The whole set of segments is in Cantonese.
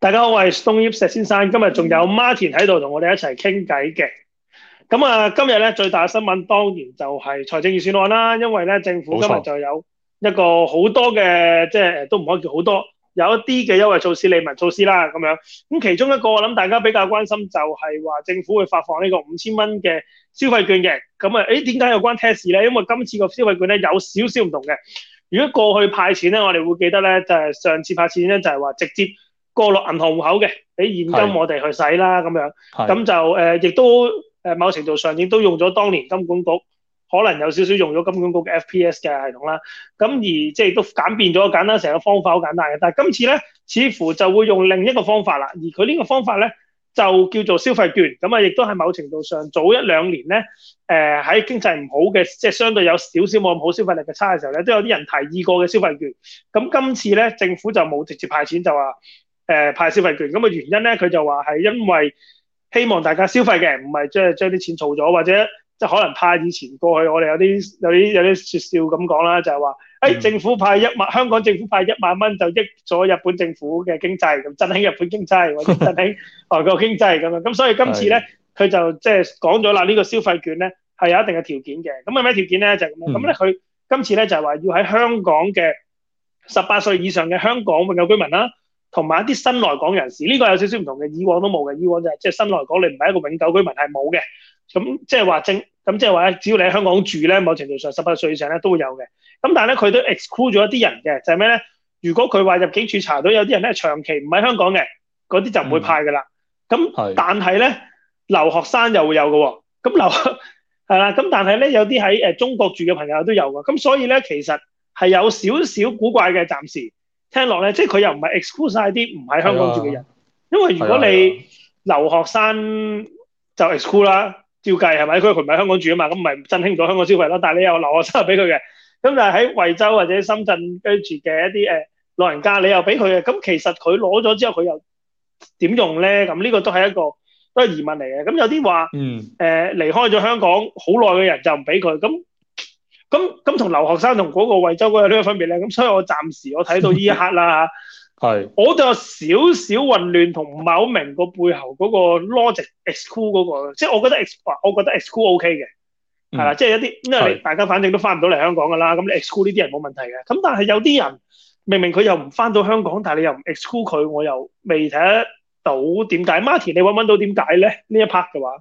大家好，我係宋葉石先生，今日仲有 Martin 喺度同我哋一齊傾偈嘅。咁啊，今日咧最大嘅新聞當然就係財政預算案啦，因為咧政府今日就有一個好多嘅，冇錯。即係都唔可以叫好多，有一啲嘅優惠措施、利民措施啦，咁樣。咁其中一個我諗大家比較關心就係、是、話政府會發放呢個五千蚊嘅消費券嘅。咁、欸、啊，誒點解有關 tech 咧？因為今次個消費券咧有少少唔同嘅。如果過去派錢咧，我哋會記得咧就係上次派錢咧就係話直接。過落銀行戶口嘅，俾現金我哋去使啦咁樣，咁就誒亦都誒、呃、某程度上亦都用咗當年金管局，可能有少少用咗金管局嘅 FPS 嘅系統啦，咁、啊、而即係都簡便咗，簡單成個方法好簡單嘅，但係今次咧似乎就會用另一個方法啦，而佢呢個方法咧就叫做消費券，咁啊亦都喺某程度上早一兩年咧誒喺經濟唔好嘅，即係相對有少少冇咁好消費力嘅差嘅時候咧，都有啲人提議過嘅消費券，咁、啊、今次咧政府就冇直接派錢就話。誒、呃、派消費券咁嘅原因咧，佢就話係因為希望大家消費嘅，唔係即係將啲錢儲咗，或者即係可能怕以前過去我哋有啲有啲有啲説笑咁講啦，就係話誒政府派一萬，香港政府派一萬蚊就益咗日本政府嘅經濟，咁振興日本經濟，或者振興外國經濟咁樣。咁 所以今次咧，佢就即係講咗啦，呢個消費券咧係有一定嘅條件嘅。咁係咩條件咧？就係咁樣，咁咧佢今次咧就係話要喺香港嘅十八歲以上嘅香港永久居民啦。同埋一啲新來港人士，呢個有少少唔同嘅。以往都冇嘅，以往就係即係新來港，你唔係一個永久居民係冇嘅。咁、嗯、即係話政，咁即係話，只要你喺香港住咧，某程度上十八歲以上咧都會有嘅。咁但係咧，佢都 exclude 咗一啲人嘅，就係咩咧？如果佢話入境處查到有啲人咧長期唔喺香港嘅，嗰啲就唔會派㗎啦。咁但係咧，留學生又會有嘅、哦。咁留係啦。咁 但係咧，有啲喺誒中國住嘅朋友都有㗎。咁所以咧，其實係有少少古怪嘅，暫時。聽落咧，即係佢又唔係 exclude 晒啲唔喺香港住嘅人，啊、因為如果你留學生就 exclude 啦，照計係咪？佢佢唔喺香港住啊嘛，咁唔係振興唔到香港消費咯。但係你又留學生又俾佢嘅，咁但係喺惠州或者深圳居住嘅一啲誒、呃、老人家，你又俾佢嘅。咁其實佢攞咗之後佢又點用咧？咁呢個都係一個都係疑問嚟嘅。咁有啲話誒離開咗香港好耐嘅人就唔俾佢咁。咁咁同留學生同嗰個惠州嗰個咩分別咧？咁所以我暫時我睇到呢一刻啦嚇， 是我就有少少混亂同唔係好明個背後嗰個 logic exclude 嗰個，即係我覺得 exclude 我覺得 exclude OK 嘅，係啦、嗯，即係一啲因為大家反正都翻唔到嚟香港噶啦，咁是你 exclude 呢啲人冇問題嘅，咁但係有啲人明明佢又唔翻到香港，但係你又唔 exclude 佢，我又未睇得到點解，Martin 你揾揾到點解咧？呢一 part 嘅話，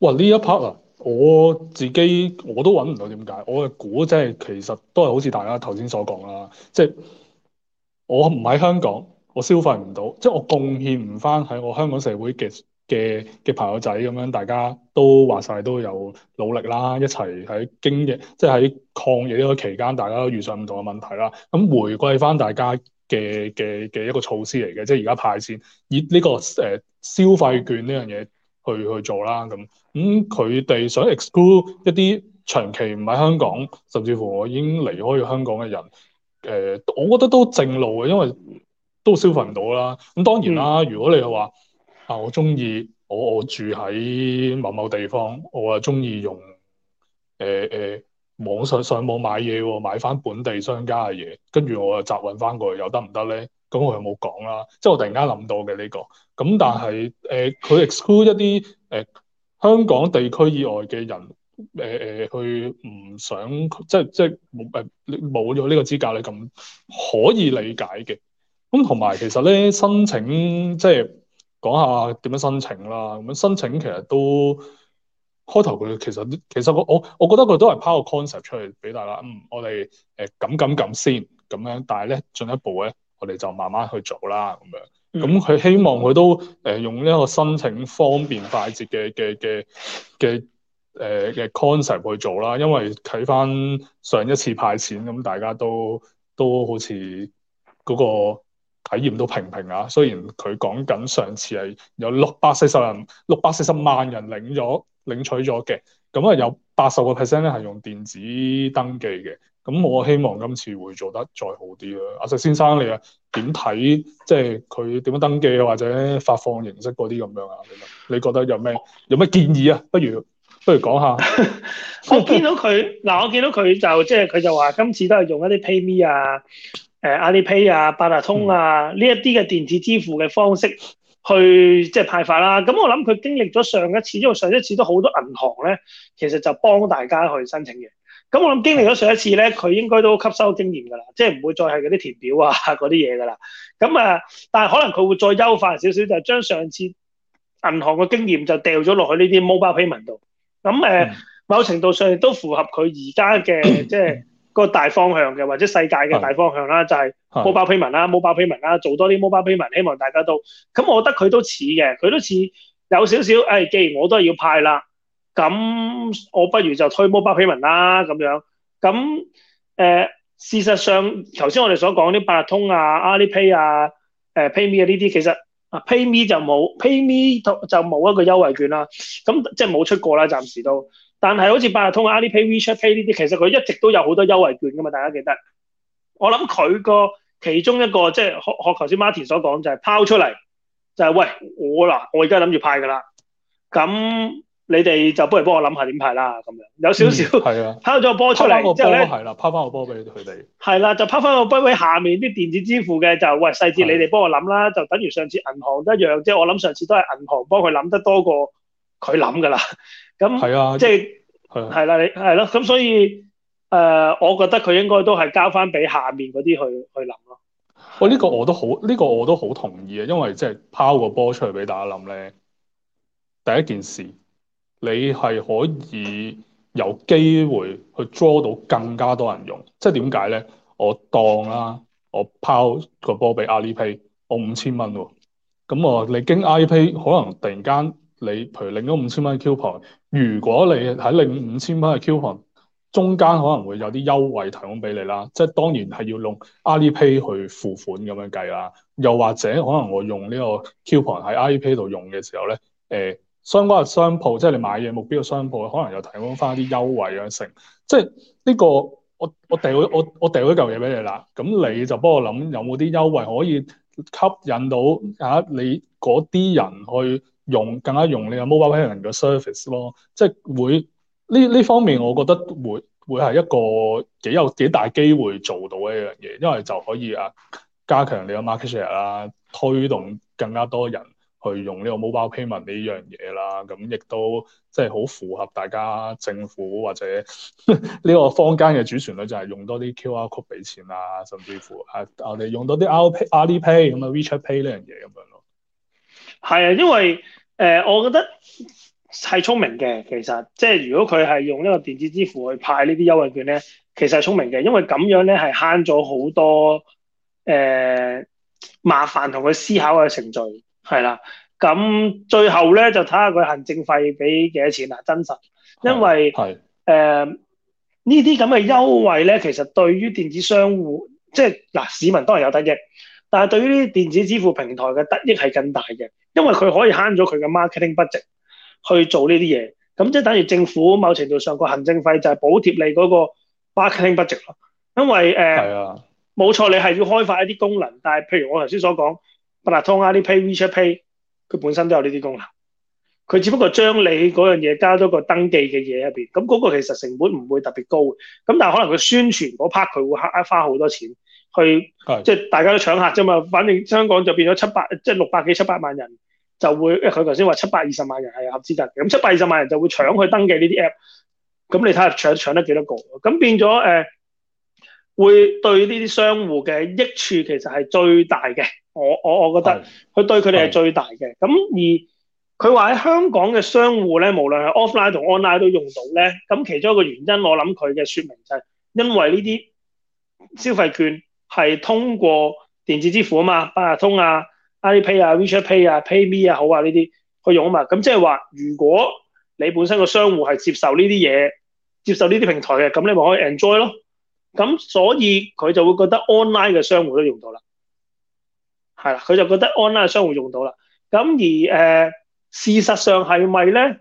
哇呢一 part 啊！我自己我都揾唔到點解，我嘅估即係其實都係好似大家頭先所講啦，即係我唔喺香港，我消費唔到，即係我貢獻唔翻喺我香港社會嘅嘅嘅朋友仔咁樣，大家都話晒都有努力啦，一齊喺經疫，即係喺抗疫呢個期間，大家都遇上唔同嘅問題啦。咁回饋翻大家嘅嘅嘅一個措施嚟嘅，即係而家派錢，以呢個誒消費券呢樣嘢。去去做啦，咁咁佢哋想 exclude 一啲長期唔喺香港，甚至乎我已經離開香港嘅人，誒、呃，我覺得都正路嘅，因為都消費唔到啦。咁、嗯、當然啦，如果你話啊，我中意我我住喺某某地方，我啊中意用誒誒、呃呃、網上上網買嘢，買翻本地商家嘅嘢，跟住我啊集運翻過去，又得唔得咧？咁我又冇講啦，即係我突然間諗到嘅呢、呢個。咁但係誒，佢、呃、exclude 一啲誒、呃、香港地區以外嘅人，誒、呃、誒，佢、呃、唔想即係即係冇誒冇咗呢個資格，你咁可以理解嘅。咁同埋其實咧，申請即係講下點樣申請啦。咁樣申請其實都開頭佢其實其實我我我覺得佢都係拋個 concept 出嚟俾大家。嗯，我哋誒、呃、咁咁咁先咁樣，但係咧進一步咧。我哋就慢慢去做啦，咁樣。咁佢希望佢都誒、呃、用呢一個申請方便快捷嘅嘅嘅嘅誒嘅 concept 去做啦，因為睇翻上一次派錢咁，大家都都好似嗰個體驗都平平啊。雖然佢講緊上次係有六百四十人、六百四十萬人領咗領取咗嘅，咁啊有八十個 percent 咧係用電子登記嘅。咁我希望今次會做得再好啲啦，阿石先生你啊點睇？即係佢點樣登記啊，或者發放形式嗰啲咁樣啊？你覺得有咩有咩建議啊？不如不如講下 我。我見到佢嗱，我見到佢就即係佢就話今次都係用一啲 PayMe 啊、誒 AliPay 啊、八達通啊呢一啲嘅電子支付嘅方式去即係派發啦。咁我諗佢經歷咗上一次，因為上一次都好多銀行咧，其實就幫大家去申請嘅。咁我諗經歷咗上一次咧，佢應該都吸收經驗㗎啦，即係唔會再係嗰啲填表啊嗰啲嘢㗎啦。咁啊，但係可能佢會再優化少少，就係、是、將上次銀行嘅經驗就掉咗落去呢啲 mobile payment 度。咁誒，呃嗯、某程度上亦都符合佢而家嘅即係個大方向嘅，或者世界嘅大方向啦，嗯、就係 mobile payment 啦、嗯、，mobile payment 啦，做多啲 mobile payment，希望大家都。咁我覺得佢都似嘅，佢都似有少少誒、哎。既然我都係要派啦。咁我不如就推 mobile payment 啦咁樣，咁誒、呃、事實上頭先我哋所講啲八達通啊、Alipay 啊、誒、呃、PayMe 啊呢啲，其實啊 PayMe 就冇 PayMe 就冇一個優惠券啦、啊，咁即係冇出過啦，暫時都。但係好似八達通啊、Alipay、WeChat Pay 呢啲，其實佢一直都有好多優惠券噶嘛，大家記得。我諗佢個其中一個即係學學頭先 Martin 所講，就係、是、拋出嚟，就係、是、喂我嗱，我而家諗住派㗎啦，咁。你哋就不如幫我諗下點排啦，咁樣有少少係啊，拋咗個波出嚟之後咧，係啦，拋翻個波俾佢哋。係啦，就拋翻個波俾下面啲電子支付嘅，就喂細節你哋幫我諗啦，就等於上次銀行一樣，即係我諗上次都係銀行幫佢諗得多過佢諗噶啦。咁係啊，即係係啦，你，啦，係咯，咁所以誒，我覺得佢應該都係交翻俾下面嗰啲去去諗咯。喂，呢個我都好，呢個我都好同意啊，因為即係拋個波出嚟俾大家諗咧，第一件事。你係可以有機會去 draw 到更加多人用，即係點解咧？我當啦、啊，我拋個波俾阿里 pay，我五千蚊喎，咁、嗯、我你經、阿里 pay 可能突然間你譬如領咗五千蚊嘅 coupon，如果你喺領五千蚊嘅 coupon 中間可能會有啲優惠提供俾你啦，即係當然係要用阿里 pay 去付款咁樣計啦，又或者可能我用呢個 coupon 喺阿里 pay 度用嘅時候咧，誒、呃。相關嘅商鋪，即係你買嘢目標嘅商鋪，可能又提供翻啲優惠嘅成，即係呢個我我掉我我掉咗嚿嘢俾你啦，咁你就幫我諗有冇啲優惠可以吸引到啊你嗰啲人去用更加用你嘅 mobile payment 嘅 service 咯，即係會呢呢方面我覺得會會係一個幾有幾大機會做到一樣嘢，因為就可以啊加強你嘅 market share 啦，推動更加多人。去用呢個 mobile payment 呢樣嘢啦，咁亦都即係好符合大家政府或者呢個坊間嘅主旋律，就係用多啲 QR code 俾錢啊，甚至乎啊我哋用多啲 Alipay 咁啊 WeChat Pay 呢樣嘢咁樣咯。係 啊樂，因為誒、呃，我覺得係聰明嘅，其實即係如果佢係用呢個電子支付去派呢啲優惠券咧，其實係聰明嘅，因為咁樣咧係慳咗好多誒、呃、麻煩同佢思考嘅程序。係啦，咁最後咧就睇下佢行政費俾幾多錢啦。真實，因為誒、呃、呢啲咁嘅優惠咧，其實對於電子商戶即係嗱、呃、市民當然有得益，但係對於啲電子支付平台嘅得益係更大嘅，因為佢可以慳咗佢嘅 marketing budget 去做呢啲嘢。咁即係等於政府某程度上個行政費就係補貼你嗰個 marketing budget 咯。因為誒係啊冇錯，你係要開發一啲功能，但係譬如我頭先所講。嗱、啊，通卡呢 Pay，WeChat Pay，佢本身都有呢啲功能，佢只不過將你嗰樣嘢加咗個登記嘅嘢入邊，咁嗰個其實成本唔會特別高嘅，咁但係可能佢宣傳嗰 part 佢會花好多錢去，的即係大家都搶客啫嘛，反正香港就變咗七百，即係六百幾七百萬人就會，因為佢頭先話七百二十萬人係合資格嘅，咁七百二十萬人就會搶去登記呢啲 app，咁你睇下搶搶得幾多個，咁變咗誒。呃會對呢啲商戶嘅益處其實係最大嘅，我我我覺得佢對佢哋係最大嘅。咁而佢話喺香港嘅商戶咧，無論係 offline 同 online 都用到咧。咁其中一個原因，我諗佢嘅說明就係因為呢啲消費券係通過電子支付啊嘛，八達通啊、Alipay 啊、WeChat Pay 啊、PayMe 啊好啊呢啲去用啊嘛。咁即係話，如果你本身個商戶係接受呢啲嘢，接受呢啲平台嘅，咁你咪可以 enjoy 咯。咁所以佢就會覺得 online 嘅商戶都用到啦，係啦，佢就覺得 online 嘅商戶用到啦。咁而誒、呃、事實上係咪咧？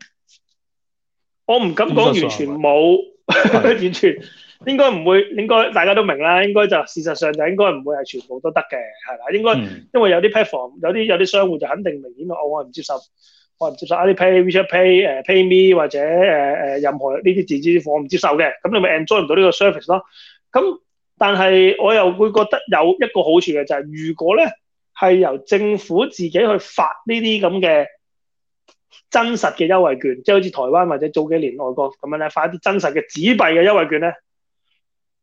我唔敢講實完全冇，是的 完全應該唔會，應該大家都明啦。應該就事實上就應該唔會係全部都得嘅，係啦。應該、嗯、因為有啲 platform 有啲有啲商戶就肯定明顯我我唔接受，我唔接受啊啲 Pay，WeChat Pay，誒 Pay, Pay Me 或者誒誒、呃、任何呢啲電子我唔接受嘅，咁你咪 enjoy 唔到呢個 service 咯。咁，但係我又會覺得有一個好處嘅就係、是，如果咧係由政府自己去發呢啲咁嘅真實嘅優惠券，即、就、係、是、好似台灣或者早幾年外國咁樣咧，發一啲真實嘅紙幣嘅優惠券咧，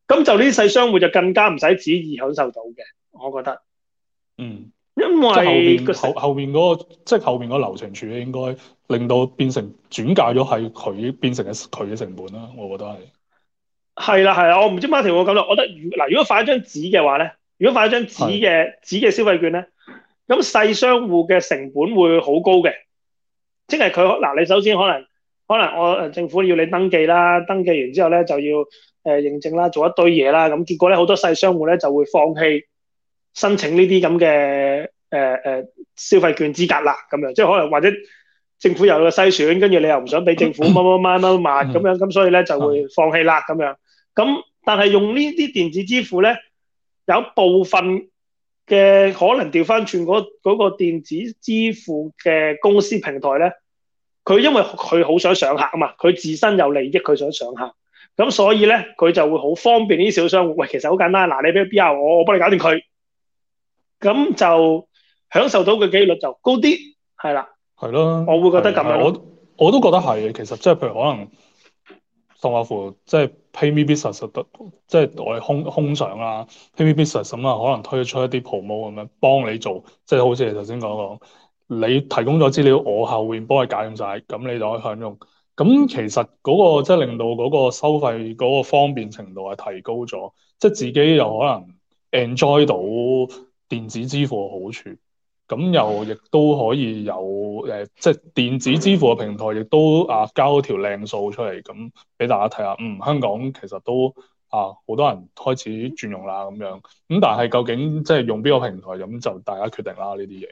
咁就呢啲細商戶就更加唔使旨意享受到嘅，我覺得。嗯，因為後面成後後嗰、那個即係、就是、後邊個流程處理應該令到變成轉嫁咗係佢變成嘅佢嘅成本啦，我覺得係。係啦，係啦，我唔知 Martin 會唔會咁咯。我覺得如嗱，如果發一張紙嘅話咧，如果發一張紙嘅紙嘅消費券咧，咁細商戶嘅成本會好高嘅，即係佢嗱，你首先可能可能我政府要你登記啦，登記完之後咧就要誒認證啦，做一堆嘢啦，咁結果咧好多細商戶咧就會放棄申請呢啲咁嘅誒誒消費券資格啦，咁樣即係可能或者政府又有個篩選，跟住你又唔想俾政府乜乜乜乜乜咁樣，咁所以咧就會放棄啦咁樣。咁，但係用呢啲電子支付咧，有部分嘅可能調翻轉嗰嗰個電子支付嘅公司平台咧，佢因為佢好想上客啊嘛，佢自身有利益，佢想上客，咁所以咧佢就會好方便呢啲小商戶。喂，其實好簡單，嗱，你俾 B R，我我幫你搞掂佢，咁就享受到嘅機率就高啲，係啦。係咯的，我會覺得咁樣。我我都覺得係，其實即係譬如可能宋阿富即係。就是 PayMeBusiness 得，即係我係空空想啦、啊。PayMeBusiness 咁、嗯、啊，可能推出一啲 promo 咁樣幫你做，即係好似你頭先講講，你提供咗資料，我後面幫你解凍晒，咁你就可以享用。咁其實嗰、那個即係令到嗰個收費嗰個方便程度係提高咗，即係自己又可能 enjoy 到電子支付嘅好處。咁又亦都可以有誒、呃，即係電子支付嘅平台，亦都啊交咗條靚數出嚟，咁俾大家睇下。嗯，香港其實都啊，好多人開始轉用啦，咁樣。咁但係究竟即係用邊個平台，咁就大家決定啦。呢啲嘢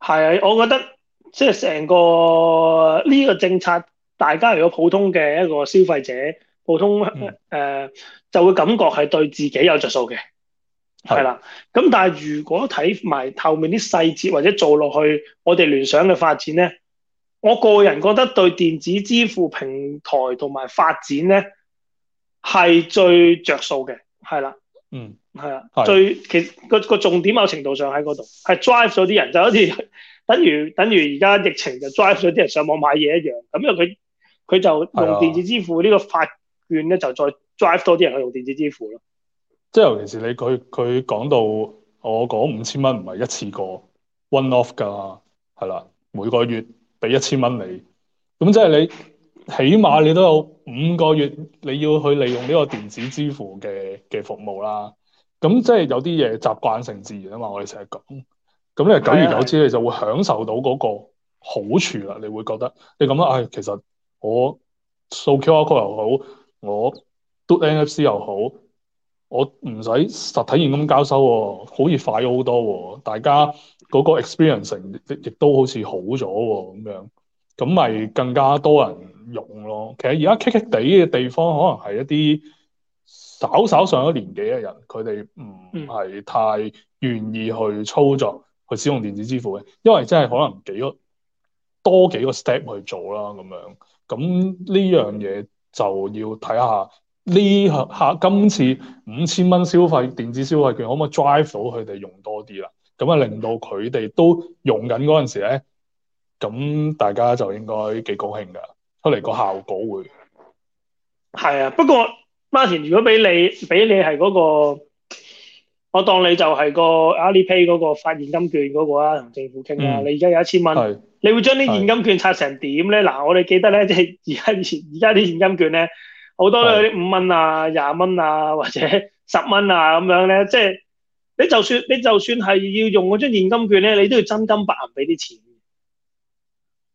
係啊，我覺得即係成個呢個政策，大家如果普通嘅一個消費者，普通誒、嗯呃、就會感覺係對自己有著數嘅。係啦，咁但係如果睇埋後面啲細節或者做落去，我哋聯想嘅發展咧，我個人覺得對電子支付平台同埋發展咧係最着數嘅，係啦，嗯，係啊的，最的其實個個重點某程度上喺嗰度，係 drive 咗啲人，就好似等於等於而家，疫情就 drive 咗啲人上網買嘢一樣，咁樣佢佢就用電子支付呢個發券咧，的就再 drive 多啲人去用電子支付咯。即係尤其是你佢佢講到我講五千蚊唔係一次過，one off 㗎，係啦，每個月俾一千蚊你，咁即係你起碼你都有五個月你要去利用呢個電子支付嘅嘅服務啦。咁即係有啲嘢習慣成自然啊嘛，我哋成日講，咁你久而久之你就會享受到嗰個好處啦。你會覺得你咁樣，唉、哎，其實我掃 QR code 又好，我 do NFC 又好。我唔使實體現金交收喎、哦，好似快咗好多喎、哦。大家嗰個 experience 亦亦都好似好咗喎、哦，咁樣咁咪更加多人用咯。其實而家棘棘地嘅地方，可能係一啲稍稍上咗年紀嘅人，佢哋唔係太願意去操作去使用電子支付嘅，因為真係可能幾個多幾個 step 去做啦，咁樣咁呢樣嘢就要睇下。呢下今次五千蚊消費電子消費券可唔可以 drive 到佢哋用多啲啦？咁啊，令到佢哋都用緊嗰陣時咧，咁大家就應該幾高興㗎，出嚟個效果會係啊。不過 Martin，如果俾你俾你係嗰、嗰個，我當你就係個 AliPay 嗰個發現金券嗰、嗰個啊，同政府傾啊。嗯、你而家有一千蚊，是你會將啲現金券拆成點咧？嗱的，我哋記得咧，即係而家而家啲現金券咧。好多嗰啲五蚊啊、廿蚊啊，或者十蚊啊咁樣咧，即係你就算你就算係要用嗰張現金券咧，你都要真金白銀俾啲錢。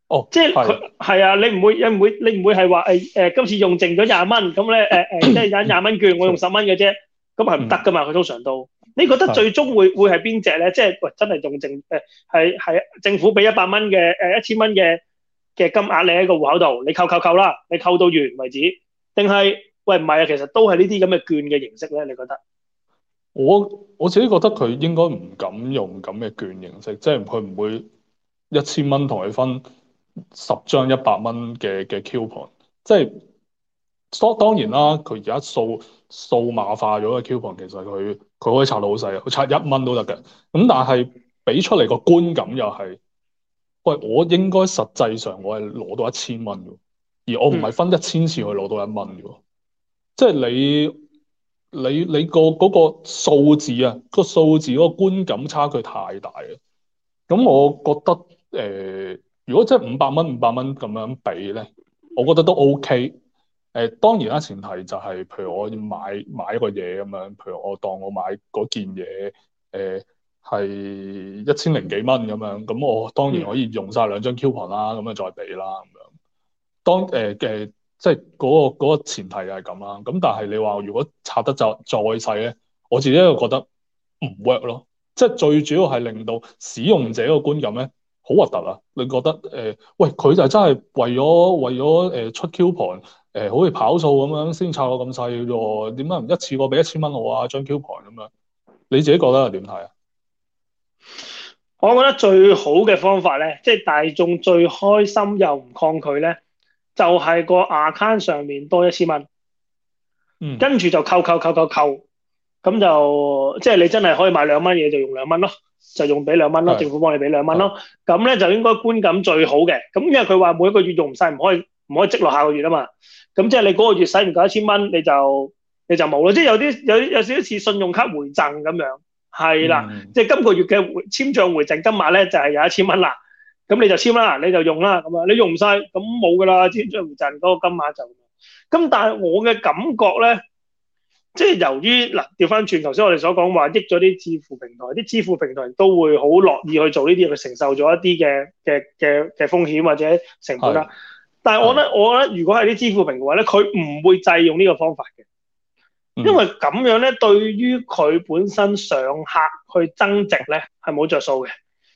哦，即係佢係啊，你唔會你唔會你唔會係話誒誒，今次用剩咗廿蚊咁咧誒誒，即係攞廿蚊券， 我用十蚊嘅啫，咁係唔得噶嘛？佢、嗯、通常都，你覺得最終會會係邊隻咧？即係喂，真係用剩誒係係政府俾一百蚊嘅誒一千蚊嘅嘅金額，你喺個戶口度，你扣一扣一扣啦，你扣到完為止。定係喂，唔係啊，其實都係呢啲咁嘅券嘅形式咧，你覺得？我我自己覺得佢應該唔敢用咁嘅券形式，即係佢唔會一千蚊同佢分十張一百蚊嘅嘅 coupon，即係當當然啦，佢而家數數碼化咗嘅 coupon，其實佢佢可以拆到好細，佢拆一蚊都得嘅。咁但係俾出嚟個觀感又係，喂，我應該實際上我係攞到一千蚊嘅。而我唔係分一千次去攞到一蚊嘅，即係你你你個嗰、嗰個數字啊，個數字、嗰個觀感差距太大啊。咁我覺得誒、呃、如果即係五百蚊五百蚊咁樣俾咧，我覺得都 OK。誒、呃、當然啦，前提就係譬如我要買買一個嘢咁樣，譬如我當我買嗰件嘢誒係一千零幾蚊咁樣，咁我當然可以用晒兩張 coupon 啦，咁樣再俾啦咁樣。當誒誒、呃，即係嗰個嗰個前提係咁啦。咁但係你話如果拆得就再細咧，我自己又覺得唔 work 咯。即係最主要係令到使用者個觀感咧好核突啊。你覺得誒、呃、喂佢就真係為咗為咗誒、呃、出 coupon 誒、呃，好似跑數咁樣先拆到咁細個，點解唔一次過俾一千蚊我啊張 coupon 咁樣？你自己覺得係點睇啊？我覺得最好嘅方法咧，即係大眾最開心又唔抗拒咧。就係個 account 上面多一千蚊，嗯、跟住就扣扣扣扣扣，扣，咁就即係、就是、你真係可以買兩蚊嘢就用兩蚊咯，就用俾兩蚊咯，是政府幫你俾兩蚊咯，咁咧是就應該觀感最好嘅，咁因為佢話每一個月用唔晒，唔可以唔可以積落下個月啊嘛，咁即係你嗰個月使唔夠一千蚊你就你就冇啦，即係有啲有有少少似信用卡回贈咁樣，係啦，嗯嗯、即係今個月嘅簽賬回贈金額咧就係有一千蚊啦。咁你就簽啦，你就用啦，咁啊，你用唔晒，咁冇噶啦，之前將嚟賺嗰個金額就。咁但係我嘅感覺咧，即係由於嗱，調翻轉頭先我哋所講話，益咗啲支付平台，啲支付平台都會好樂意去做呢啲嘢，佢承受咗一啲嘅嘅嘅嘅風險或者成本啦。的但係我覺得我覺得，的覺得如果係啲支付平台話咧，佢唔會制用呢個方法嘅，因為咁樣咧，嗯、對於佢本身上客去增值咧係冇着數嘅。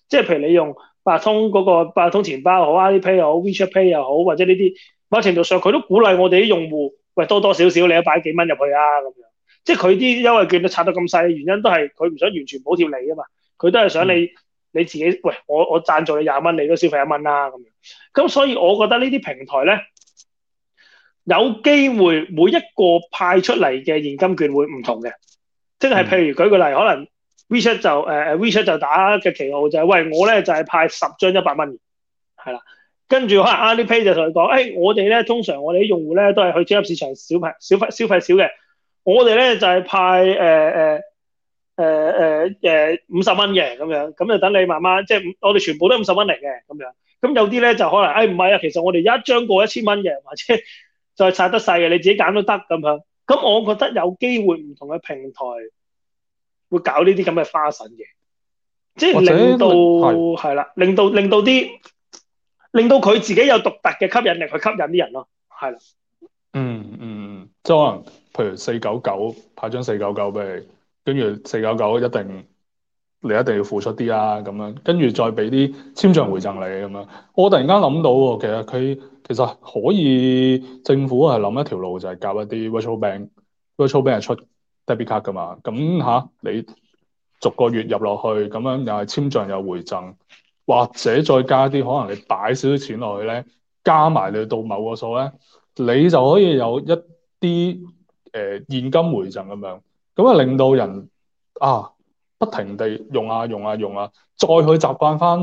即係譬如你用。八達通嗰、那個八達通錢包又好，AliPay 又好，WeChat Pay 又好，或者呢啲某程度上佢都鼓勵我哋啲用戶，喂多多少少你都擺幾蚊入去啊咁樣，即係佢啲優惠券都拆得咁細，原因都係佢唔想完全補貼你啊嘛，佢都係想你你自己，喂我我贊助你廿蚊，你都消費一蚊啦咁樣，咁所以我覺得呢啲平台咧有機會每一個派出嚟嘅現金券會唔同嘅，即係譬如、嗯、舉個例，可能。WeChat 就誒誒、uh, WeChat 就打嘅旗號就係、是、喂我咧就係、是、派十張一百蚊嘅，係啦，跟住可能 Alipay 就同佢講，誒、哎、我哋咧通常我哋啲用戶咧都係去超級市場小排小費消費少嘅，我哋咧就係、是、派誒誒誒誒誒五十蚊嘅咁樣，咁就等你慢慢即係我哋全部都五十蚊嚟嘅咁樣，咁有啲咧就可能誒唔係啊，其實我哋一張過一千蚊嘅，或者 就再拆得細嘅，你自己揀都得咁樣。咁我覺得有機會唔同嘅平台。會搞呢啲咁嘅花神嘅，即係令到係啦，令到令到啲，令到佢自己有獨特嘅吸引力去吸引啲人咯，係啦、嗯。嗯嗯嗯，即係可能譬如四九九派張四九九俾你，跟住四九九一定你一定要付出啲啦、啊，咁樣，跟住再俾啲簽賬回贈你咁樣。我突然間諗到喎，其實佢其實可以政府係諗一條路，就係、是、夾一啲 virtual bank，virtual bank, virtual bank 出。debit 卡噶嘛，咁吓，你逐個月入落去，咁樣又係簽帳又回贈，或者再加啲，可能你擺少少錢落去咧，加埋你到某個數咧，你就可以有一啲誒、呃、現金回贈咁樣，咁啊令到人啊不停地用啊用啊用啊,用啊，再去習慣翻，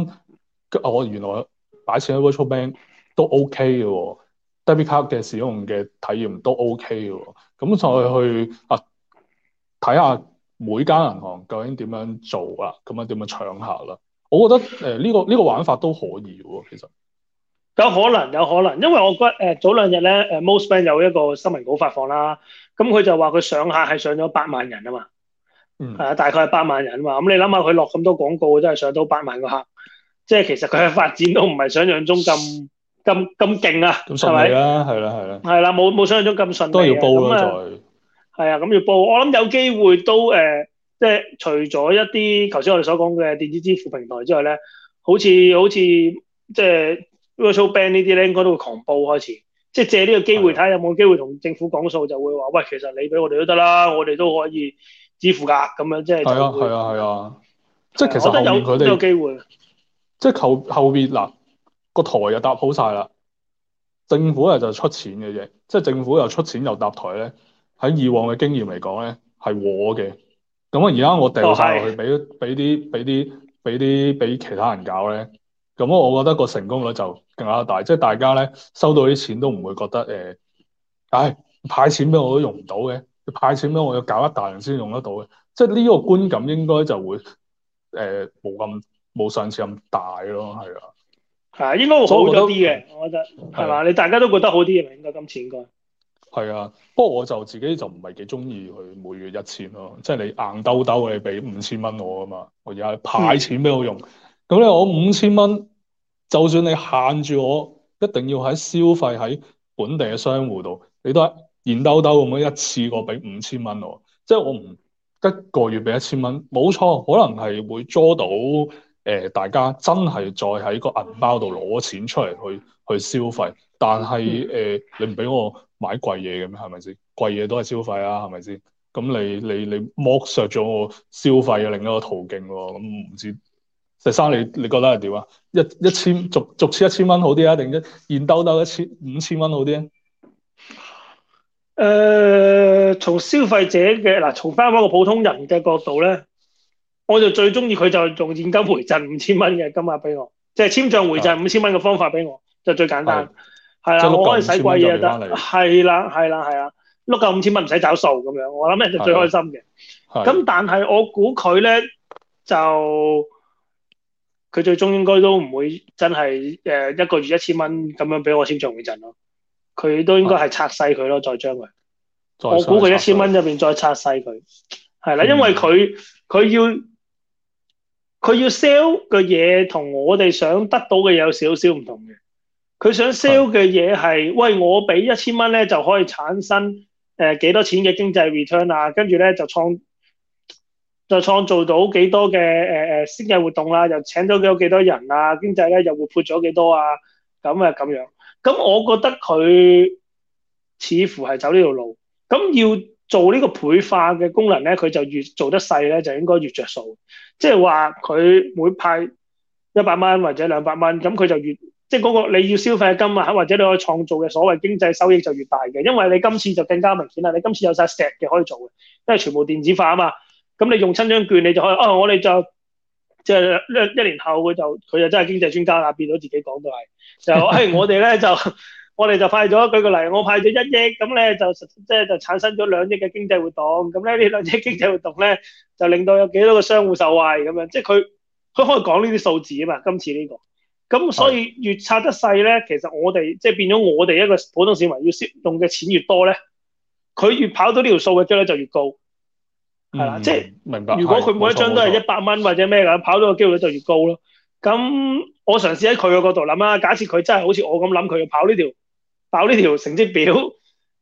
我、哦、原來擺錢喺 Virtual Bank 都 OK 嘅喎 debit 卡嘅使用嘅體驗都 OK 嘅喎，咁再去啊～睇下每間銀行究竟點樣做啊，咁啊點樣搶客啦？我覺得誒呢個呢個玩法都可以喎，其實有可，可能有可能，因為我覺誒、呃、早兩日咧誒 Most Bank 有一個新聞稿發放啦，咁佢就話佢上客係上咗八萬人啊嘛，嗯係啊，大概係八萬人啊嘛，咁、嗯、你諗下佢落咁多廣告，真係上到八萬個客，即係其實佢嘅發展都唔係想像中咁咁咁勁啊，咁順利啦、啊，係啦係啦，係啦冇冇想像中咁順利，都要煲啦再。係啊，咁要報，我諗有機會都誒、呃，即係除咗一啲頭先我哋所講嘅電子支付平台之外咧，好似好似即係 WeChat Pay 呢啲咧，應該都會狂報開始，即係借呢個機會睇下的有冇機會同政府講數，就會話喂，其實你俾我哋都得啦，我哋都可以支付噶，咁樣即係。係啊，係啊，係啊，即係其實。都有佢哋有機會。即係後後邊嗱個台又搭好晒啦，政府咧就出錢嘅啫，即、就、係、是、政府又出錢又搭台咧。喺以往嘅經驗嚟講咧，係我嘅。咁啊，而家我掉曬落去，俾俾啲俾啲俾啲俾其他人搞咧。咁我覺得個成功率就更加大。即係大家咧收到啲錢都唔會覺得誒，唉派錢俾我都用唔到嘅，派錢俾我要搞一大人先用得到嘅。即係呢個觀感應該就會誒冇咁冇上次咁大咯，係啊。係啊，應該會好咗啲嘅，我，我覺得係嘛？你大家都覺得好啲嘅嘛？應該今次應該。係啊，不過我就自己就唔係幾中意去每月一千咯，即係你硬兜兜你俾五千蚊我啊嘛，我而家派錢俾我用，咁咧、嗯、我五千蚊，就算你限住我一定要喺消費喺本地嘅商戶度，你都係硬兜兜咁樣一次過俾五千蚊我，即係我唔一個月俾一千蚊，冇錯，可能係會捉到誒、呃、大家真係再喺個銀包度攞錢出嚟去去消費，但係誒、呃、你唔俾我。買貴嘢嘅咩？係咪先？貴嘢都係消費啊，係咪先？咁你你你剝削咗我消費嘅另一個途徑喎、啊。咁、嗯、唔知，石生你你覺得係點啊？一一千逐逐次一千蚊好啲啊，定一現兜兜一千五千蚊好啲、啊？誒、呃，從消費者嘅嗱，從翻一個普通人嘅角度咧，我就最中意佢就用現金回贈五千蚊嘅金額俾我，即係簽賬回贈五千蚊嘅方法俾我，的就最簡單。係啊，95，我可以使貴嘢就得。係啦，係啦，係啊，碌夠五千蚊唔使找數咁樣，我諗人就最開心嘅。咁但係我估佢咧就佢最終應該都唔會真係誒、呃、一個月一千蚊咁樣俾我先做一陣咯。佢都應該係拆細佢咯，的再將佢。我估佢一千蚊入面再拆細佢，係啦的，因為佢佢要佢要 sell 嘅嘢同我哋想得到嘅有少少唔同嘅。佢想 sell 嘅嘢係，喂，我俾一千蚊咧，就可以產生誒幾多錢嘅經濟 return 啊，跟住咧就創就創造到幾多嘅誒誒生日活動啦、啊，又請到有幾多人啊，經濟咧又活潑咗幾多啊，咁啊咁樣。咁我覺得佢似乎係走呢條路。咁要做呢個倍化嘅功能咧，佢就越做得細咧，就應該越着數。即係話佢每派一百蚊或者兩百蚊，咁佢就越。即係嗰個你要消費嘅金額，或者你可以創造嘅所謂經濟收益就越大嘅，因為你今次就更加明顯啦。你今次有晒石嘅可以做嘅，因為全部電子化啊嘛。咁你用親張券，你就可以啊、哦！我哋就即係一年後佢就佢就真係經濟專家啦，變到自己講到係就誒、哎，我哋咧就我哋就，就派咗舉個例，我派咗一億咁咧就即係就，就，就產生咗兩億嘅經濟活動。咁咧呢兩億經濟活動咧就令到有幾多個商戶受惠咁樣，即係佢佢可以講呢啲數字啊嘛。今次呢、這個。咁所以越拆得細咧，其實我哋即係變咗我哋一個普通市民要用嘅錢越多咧，佢越跑到呢條數嘅機會率就越高，係啦，即係，明白，如果佢每一張都係一百蚊或者咩咁，錯跑到嘅機會率就越高咯。咁我嘗試喺佢嘅角度諗啦，假設佢真係好似我咁諗，佢要跑呢條跑呢條成績表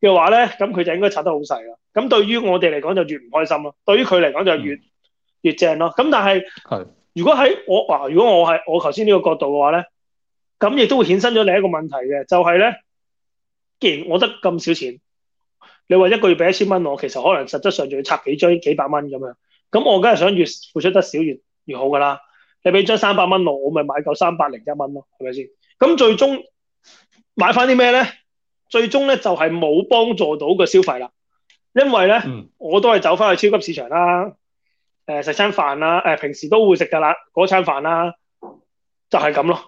嘅話咧，咁佢就應該拆得好細啦。咁對於我哋嚟講就越唔開心咯，對於佢嚟講就越、嗯、越正咯。咁但係係。如果喺我嗱、啊，如果我係我頭先呢個角度嘅話咧，咁亦都會衍生咗另一個問題嘅，就係、是、咧，既然我得咁少錢，你話一個月俾一千蚊我，其實可能實質上仲要拆幾張幾百蚊咁樣，咁我梗係想越付出得少越越好噶啦。你俾張三百蚊我，我咪買夠三百零一蚊咯，係咪先？咁最終買翻啲咩咧？最終咧就係冇幫助到個消費啦，因為咧、嗯、我都係走翻去超級市場啦。誒食、呃、餐飯啦、啊，誒、呃、平時都會食噶啦，嗰餐飯啦、啊，就係、是、咁咯。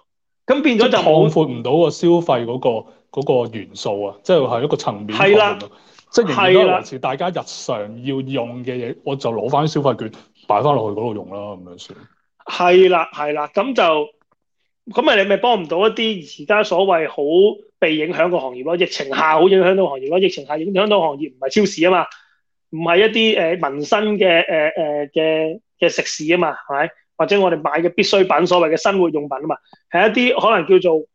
咁變咗就擴闊唔到個消費嗰、那個那個元素啊，即係係一個層面擴闊、啊、即仍然都是維持大家日常要用嘅嘢，啊、我就攞翻消費券擺翻落去嗰度用啦，咁樣算。係啦、啊，係啦、啊，咁、啊、就咁咪你咪幫唔到一啲而家所謂好被影響個行業咯，疫情下好影響到行業咯，疫情下影響到行業唔係超市啊嘛。唔係一啲誒、呃、民生嘅誒誒嘅嘅食肆啊嘛，係咪？或者我哋買嘅必需品，所謂嘅生活用品啊嘛，係一啲可能叫做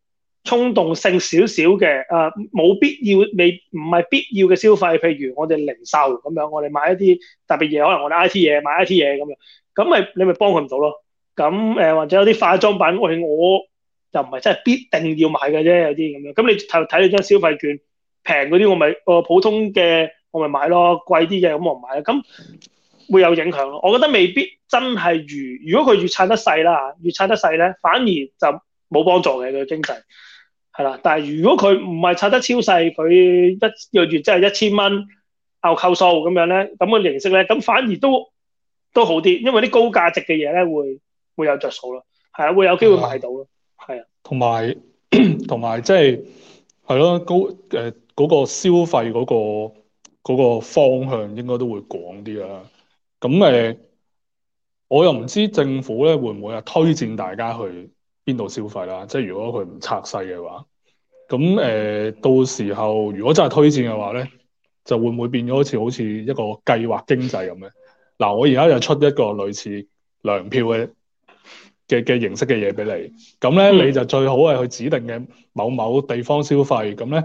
衝動性少少嘅，誒、呃、冇必要，未唔係必要嘅消費。譬如我哋零售咁樣，我哋買一啲特別嘢，可能我哋 I T 嘢買 I T 嘢咁樣，咁咪你咪幫佢唔到咯。咁誒、呃、或者有啲化妝品，我係我又唔係真係必定要買嘅啫，有啲咁樣。咁你睇睇你張消費券平嗰啲，我咪個、呃、普通嘅。我咪買咯，貴啲嘅咁我唔買咁會有影響咯。我覺得未必真係如如果佢越拆得細啦，越拆得細咧，反而就冇幫助嘅佢經濟係啦。但係如果佢唔係拆得超細，佢一，一個月即係一千蚊拗扣數咁樣咧，咁嘅形式咧，咁反而都都好啲，因為啲高價值嘅嘢咧會會有着數咯，係啊，會有機會買到咯，係啊，同埋同埋即係係咯高誒嗰、呃嗰個消費嗰、嗰個。嗰個方向應該都會廣啲啦。咁誒、呃，我又唔知政府咧會唔會啊推薦大家去邊度消費啦？即係如果佢唔拆細嘅話，咁誒、呃、到時候如果真係推薦嘅話咧，就會唔會變咗好似好似一個計劃經濟咁咧？嗱、呃，我而家又出一個類似糧票嘅嘅嘅形式嘅嘢俾你。咁咧，你就最好係去指定嘅某某地方消費。咁咧。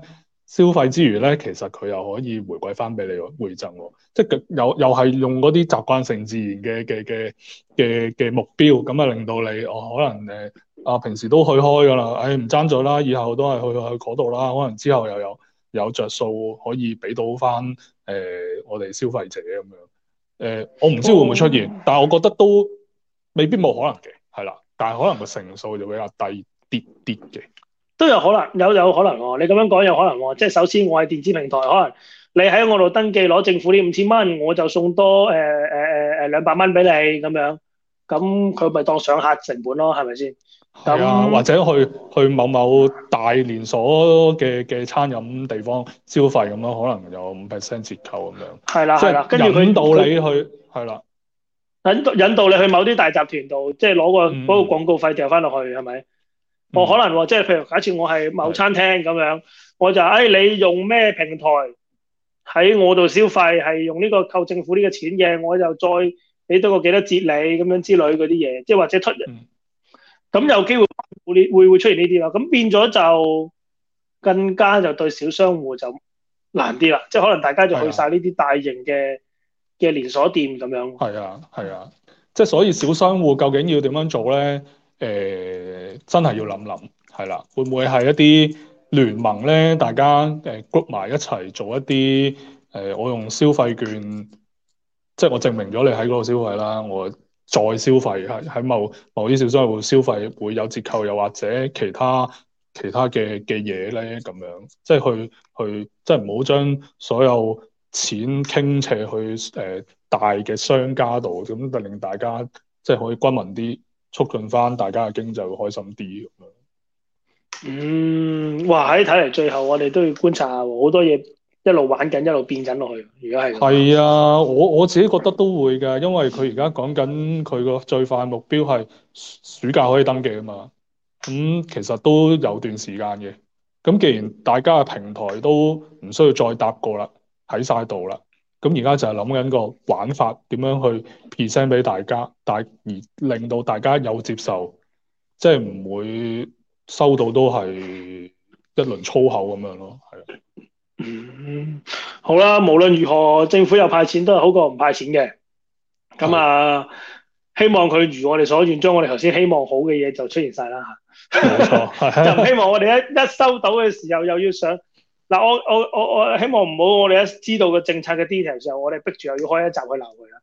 消費之餘咧，其實佢又可以回饋翻俾你回贈喎，即係又又係用嗰啲習慣性自然嘅嘅嘅嘅嘅目標，咁啊令到你哦可能誒啊平時都去開噶啦，誒唔爭咗啦，以後都係去去嗰度啦，可能之後又有有着數可以俾到翻誒、呃、我哋消費者咁樣誒、呃，我唔知會唔會出現，嗯、但係我覺得都未必冇可能嘅，係啦，但係可能個成數就會比較低啲啲嘅。都有可能，有有可能喎。你咁樣講有可能喎，即係首先我係電子平台，可能你喺我度登記攞政府呢五千蚊，我就送多誒誒誒誒兩百蚊俾你咁樣，咁佢咪當上客成本咯，係咪先？係啊，樣或者去去某某大連鎖嘅嘅餐飲地方消費咁樣，可能有五 percent 折扣咁樣。係啦，係啦，跟住引導你去係啦，引導他、啊、引導你去某啲大集團度，即係攞個嗰個廣告費掉翻落去，係咪、嗯？嗯。我可能即係譬如假設我係某餐廳咁樣，的我就誒、哎、你用咩平台喺我度消費係用呢、這個扣政府呢個錢嘅，我就再俾多個幾多折你咁樣之類嗰啲嘢，即係或者出咁有機會會會會出現呢啲啦？咁變咗就更加就對小商戶就難啲啦，即係的可能大家就去晒呢啲大型嘅嘅的連鎖店咁樣。係啊係啊，即係所以小商戶究竟要點樣做咧？誒、呃、真係要諗諗，係啦，會唔會係一啲聯盟咧？大家誒 group 埋一齊做一啲誒、呃，我用消費券，即係我證明咗你喺嗰度消費啦，我再消費喺某某啲小商戶消費會有折扣，又或者其他其他嘅嘅嘢咧咁樣，即係去去，即係唔好將所有錢傾斜去誒、呃、大嘅商家度，咁就令大家即係可以均勻啲。促進翻大家嘅經濟會開心啲咁樣。嗯，哇！喺睇嚟最後，我哋都要觀察下好多嘢，一路玩緊一路變緊落去。而家係。係啊，我我自己覺得都會㗎，因為佢而家講緊佢個最快目標係暑假可以登記啊嘛。咁、嗯、其實都有段時間嘅。咁既然大家嘅平台都唔需要再搭過啦，喺晒度啦。咁而家就係諗緊個玩法點樣去 present 俾大家，大而令到大家有接受，即係唔會收到都係一輪粗口咁樣咯。係、嗯、好啦，無論如何，政府又派錢都係好過唔派錢嘅。咁啊，的希望佢如我哋所願，將我哋頭先希望好嘅嘢就出現晒啦。冇錯， 就希望我哋一一收到嘅時候又要想。嗱，我我我我希望唔好，我哋一知道個政策嘅 detail 之後，我哋逼住又要開一集去鬧佢啦，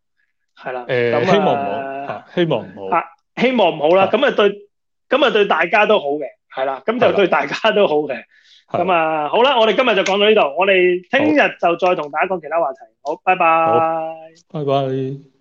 係啦。誒、欸，嗯、希望唔好。啊、希望唔好。啊，希望唔好啦，咁啊對，咁啊對大家都好嘅，係啦，咁就對大家都好嘅，咁啊好啦，我哋今日就講到呢度，我哋聽日就再同大家講其他話題。好，拜拜。好，拜拜。